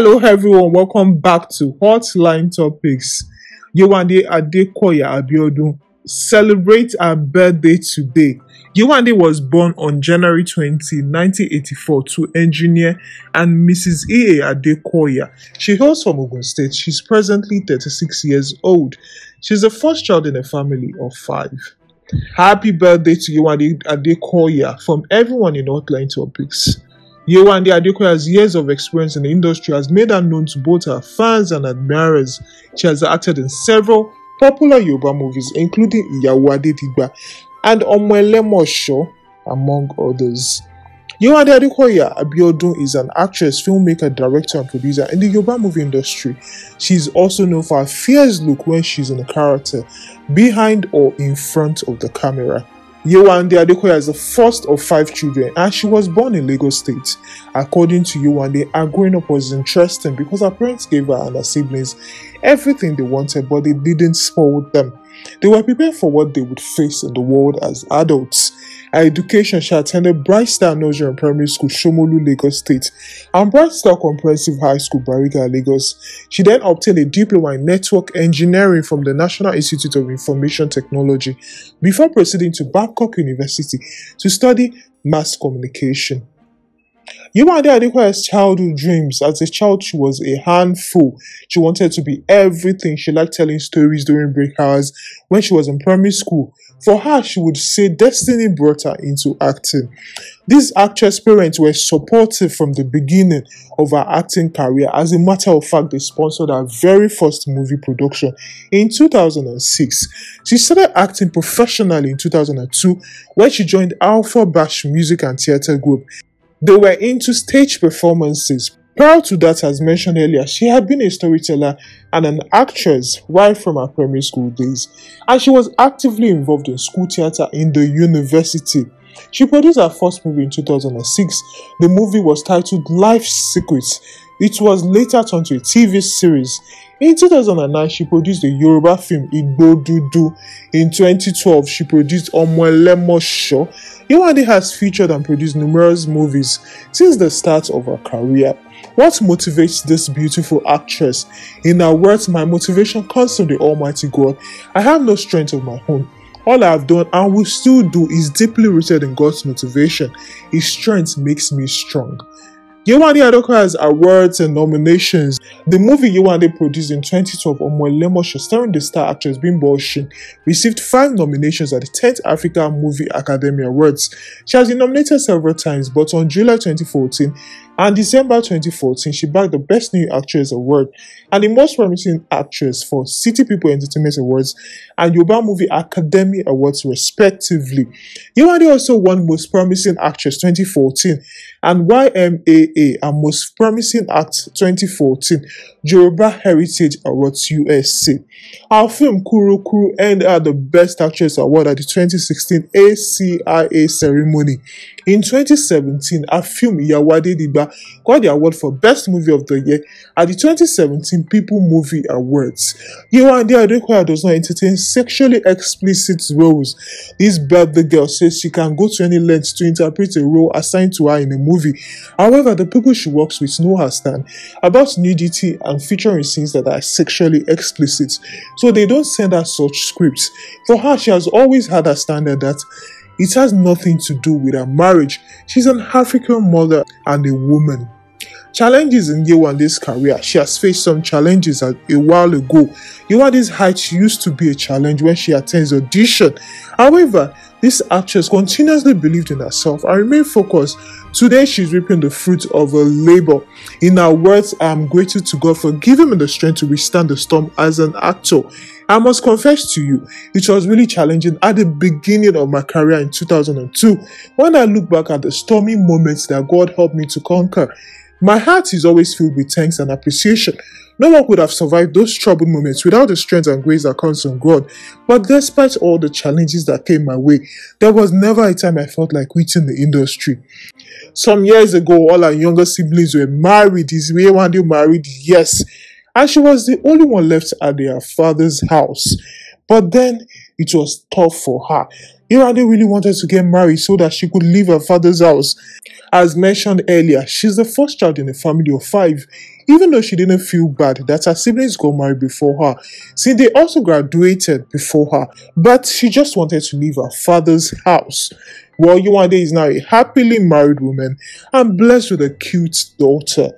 Hello, everyone. Welcome back to Hotline Topics. Yewande Adekoya Abiodun celebrate her birthday today. Yewande was born on January 20, 1984 to engineer and Mrs. E.A. Adekoya. She hails from Ogun State. She's presently 36 years old. She's the first child in a family of five. Happy birthday to Yewande Adekoya from everyone in Hotline Topics. Yewande Adekoya's years of experience in the industry has made her known to both her fans and admirers. She has acted in several popular Yoruba movies, including Yawade Adedigba and Show, among others. Yewande Adekoya Abiodun is an actress, filmmaker, director, and producer in the Yoruba movie industry. She is also known for her fierce look when she's in a character, behind or in front of the camera. Yewande Adekoya is the first of five children and she was born in Lagos State. According to Yewande, her growing up was interesting because her parents gave her and her siblings everything they wanted, but they didn't spoil them. They were prepared for what they would face in the world as adults. Her education, she attended Bright Star Nursery and Primary School, Shomolu, Lagos State, and Bright Star Comprehensive High School, Bariga, Lagos. She then obtained a diploma in network engineering from the National Institute of Information Technology before proceeding to Babcock University to study mass communication. Yemade Adekoya's childhood dreams. As a child, she was a handful. She wanted to be everything. She liked telling stories during break hours. When she was in primary school, for her, she would say destiny brought her into acting. These actress' parents were supportive from the beginning of her acting career. As a matter of fact, they sponsored her very first movie production in 2006. She started acting professionally in 2002 when she joined Alpha Bash Music and Theatre Group they were into stage performances. Prior to that, as mentioned earlier, she had been a storyteller and an actress right from her primary school days, and she was actively involved in school theatre in the university she produced her first movie in 2006. The movie was titled Life Secrets. It was later turned to a TV series. In 2009, she produced the Yoruba film Igbo Dudu. In 2012, she produced Omuelemo Show. Yewande has featured and produced numerous movies since the start of her career. What motivates this beautiful actress? In her words, my motivation comes from the Almighty God. I have no strength of my own. All I have done and will still do is deeply rooted in God's motivation. His strength makes me strong. Yewande Adoka has awards and nominations. The movie Yewande produced in 2012, on Omwelemosho, starring the star actress Bimbo Oshin, received five nominations at the 10th Africa Movie Academy Awards. She has been nominated several times, but on July 2014, and December 2014, she bagged the Best New Actress Award and the Most Promising Actress for City People Entertainment Awards and Yoruba Movie Academy Awards, respectively. Yewande also won Most Promising Actress 2014 and YMAA and Most Promising Act 2014 Yoruba Heritage Awards USC. Our film Kuru Kuru earned her the Best Actress Award at the 2016 ACIA ceremony. In 2017, her film Yawade Diba got the award for Best Movie of the Year at the 2017 People Movie Awards. Yewande Adekoya does not entertain sexually explicit roles. This birthday girl says she can go to any length to interpret a role assigned to her in a movie. However, the people she works with know her stand about nudity and featuring scenes that are sexually explicit, so they don't send her such scripts. For her, she has always had a standard that it has nothing to do with her marriage. She's an African mother and a woman. Challenges in Yewande's career. She has faced some challenges a, while ago. Yewande's height used to be a challenge when she attends audition. However, this actress continuously believed in herself and remained focused. Today, she's reaping the fruit of her labor. In her words, I am grateful to God for giving me the strength to withstand the storm as an actor. I must confess to you, it was really challenging at the beginning of my career in 2002. When I look back at the stormy moments that God helped me to conquer, my heart is always filled with thanks and appreciation. No one could have survived those troubled moments without the strength and grace that comes from God. But despite all the challenges that came my way, there was never a time I felt like quitting the industry. Some years ago, all our younger siblings were married. Is Wewande married? Yes and she was the only one left at their father's house. But then it was tough for her. Irade really wanted to get married so that she could leave her father's house. As mentioned earlier, she's the first child in a family of five, even though she didn't feel bad that her siblings got married before her, since they also graduated before her, but she just wanted to leave her father's house. Well, Yuande is now a happily married woman and blessed with a cute daughter.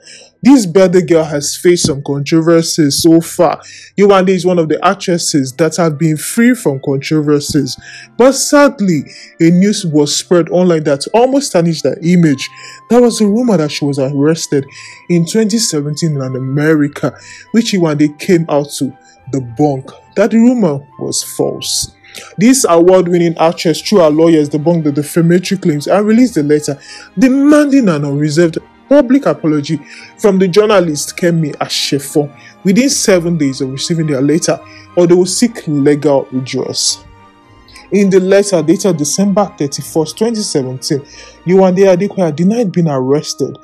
This birthday girl has faced some controversies so far. Yuande is one of the actresses that have been free from controversies. But sadly, a news was spread online that almost tarnished her image. There was a rumor that she was arrested in 2017 in America, which Yuande came out to the bunk. that the rumor was false. This award winning actress, through her lawyers, debunked the defamatory claims and released a letter demanding an unreserved public apology from the journalist Kemi Ashefo within seven days of receiving their letter, or they will seek legal redress. In the letter dated December 31, 2017, Yuande Adekoya denied being arrested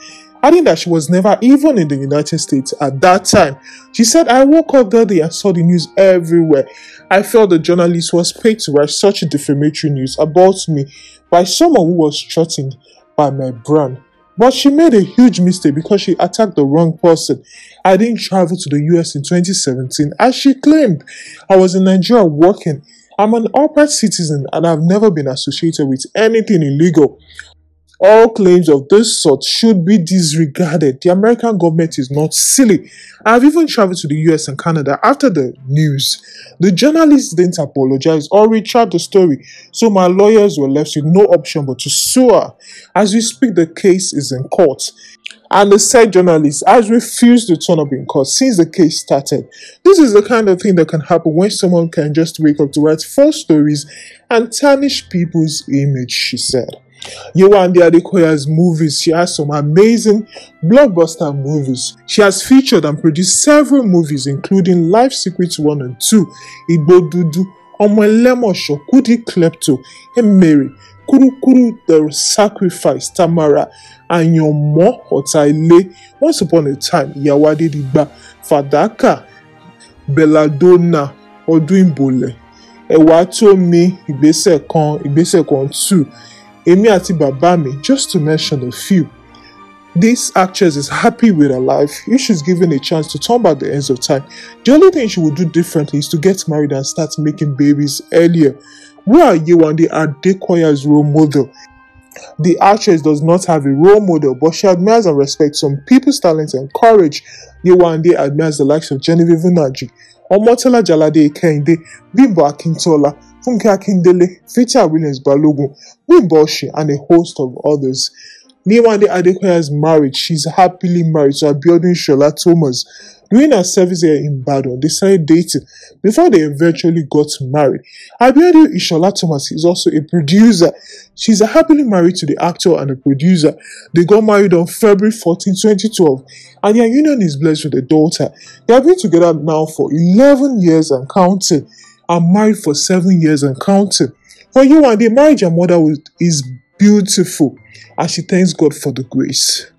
adding that she was never even in the United States at that time. She said, I woke up that day and saw the news everywhere. I felt the journalist was paid to write such defamatory news about me by someone who was threatened by my brand. But she made a huge mistake because she attacked the wrong person. I didn't travel to the US in 2017 as she claimed. I was in Nigeria working. I'm an upright citizen and I've never been associated with anything illegal. All claims of this sort should be disregarded. The American government is not silly. I've even traveled to the US and Canada after the news. The journalist didn't apologize or retract the story, so my lawyers were left with no option but to sue her. As we speak, the case is in court. And the said journalist has refused to turn up in court since the case started. This is the kind of thing that can happen when someone can just wake up to write false stories and tarnish people's image, she said. Yewande Adekoya's movies, she has some amazing blockbuster movies. She has featured and produced several movies including Life Secrets 1 and 2, Igbo Dudu, Omolemosho, Kudi Klepto, and Mary, Kurukuru the Sacrifice, Tamara, and Yomo Otaile, Once Upon a Time, Yawade Diba, Fadaka, Belladonna, Oduimbole. Ìbòlẹ̀, Ẹ̀wà Tómi, Ìgbésẹ̀ 2, Emi àti Babami, just to mention a few. This actress is happy with her life. If she's given a chance to turn back the ends of time, the only thing she would do differently is to get married and start making babies earlier. Where are you and the Adekoya's role model? The actress does not have a role model, but she admires and respects some people's talents and courage. Yewande admires the likes of Genevieve Unaji, Omotela Jalade Kende, Bimbo Akintola, Funke Akindele, Fita Williams Balogun, Bimboshi, and a host of others. Niwande is married. She's happily married to Abiodun Shola Thomas. During her service here in Badon, they started dating before they eventually got married. Abiodun Ishola Thomas is also a producer. She's happily married to the actor and the producer. They got married on February 14, 2012, and their union is blessed with a daughter. They have been together now for 11 years and counting. I'm married for seven years and counting. For you and the marriage your mother is beautiful, and she thanks God for the grace.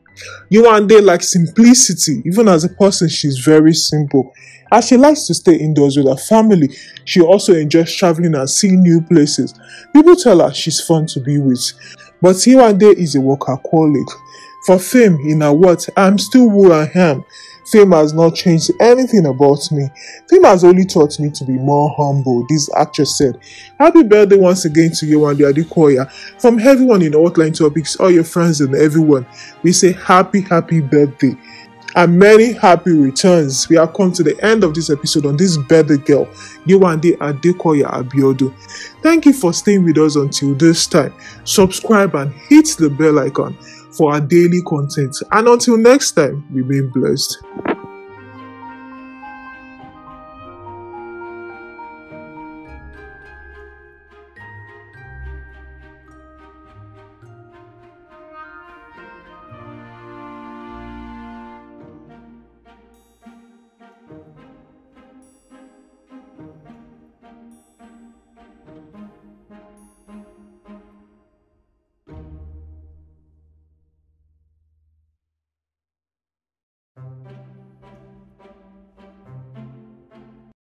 You and they like simplicity. Even as a person, she's very simple. As she likes to stay indoors with her family, she also enjoys traveling and seeing new places. People tell her she's fun to be with. But you and there is is a colleague. For fame in her what I'm still who I am. Fame has not changed anything about me. Fame has only taught me to be more humble, this actress said. Happy birthday once again to you and the Adikoya. From everyone in Outline Topics, all your friends and everyone, we say happy, happy birthday and many happy returns. We have come to the end of this episode on this better girl, Yewande Adekoya Abiodu. Thank you for staying with us until this time. Subscribe and hit the bell icon for our daily content. And until next time, remain blessed.